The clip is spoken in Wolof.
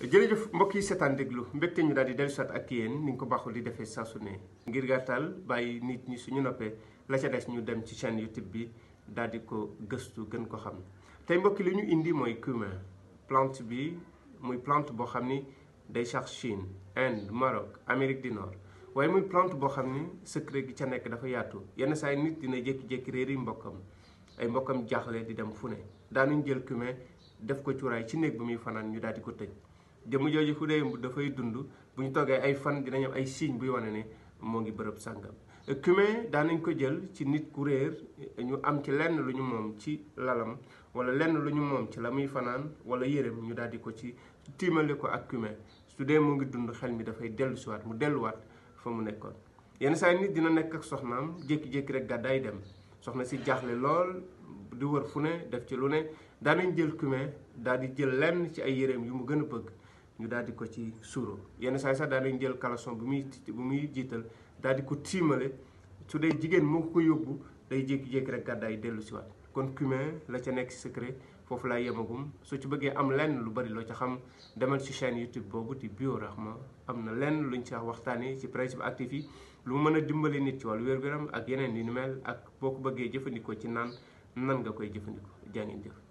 jërëjëf mbokk yi seetaan déglu mbégte ñu daal di dellu soit ak yéen ni nga ko baaxul di defee saa su ngir gàttal bàyyi nit ñi suñu noppee la ca des ñu dem ci yu YouTube bi daal di ko gëstu gën ko xam tey mbokki li ñu indi mooy cumin plante bi muy plante boo xam ni day sax Chine Inde Maroc Amérique du Nord waaye muy plante boo xam ni secret gi ca nekk dafa yaatu yenn saa nit dina jékki-jékki réeri mbokkam ay mbokkam jaaxle di dem fu ne daanuñ jël cumin def ko cuuraay ci néeg bi muy fanaan ñu daal di ko tëj jëmm jooju fu dee dafay dund bu ñu toggee ay fan dinañ am ay signe buy wane ne moo ngi bërëb sàngam cumin daanañ ko jël ci nit ku réer ñu am ci lenn lu ñu moom ci lalam wala lenn lu ñu moom ci la muy fanaan wala yërëm ñu daal di ko ci tiimale ko ak kume su dee mu ngi dund xel mi dafay dellu siwaat mu delluwaat fa mu nekkoon yenn saa nit dina nekk ak soxnaam jékki-jékki rek gàddaay dem soxna si jaaxle lool di wër fu ne def ci lu ne daanañ jël cumin daal di jël lenn ci ay yërëm yu mu gën a bëgg ñu daal di ko ci suuro yenn saa yi sax daal dañ jël caleçon bu muy bu muy jiital daal di ko tiimale su dee jigéen moo ko yóbbu day jékki-jékki rek gàddaay dellu siwaat kon cumin la ca nekk secret foofu laa yemagum soo ci bëggee am lenn lu bari loo ca xam demal ci chaîne YouTube boobu di Bio ma am na lenn luñ ci waxtaanee ci principe actif yi lu mu mën a dimbali nit ci wàllu wér gu ak yeneen yu ni mel ak boo ko bëggee jëfandikoo ci naan nan nga koy jëfandikoo jaa ngeen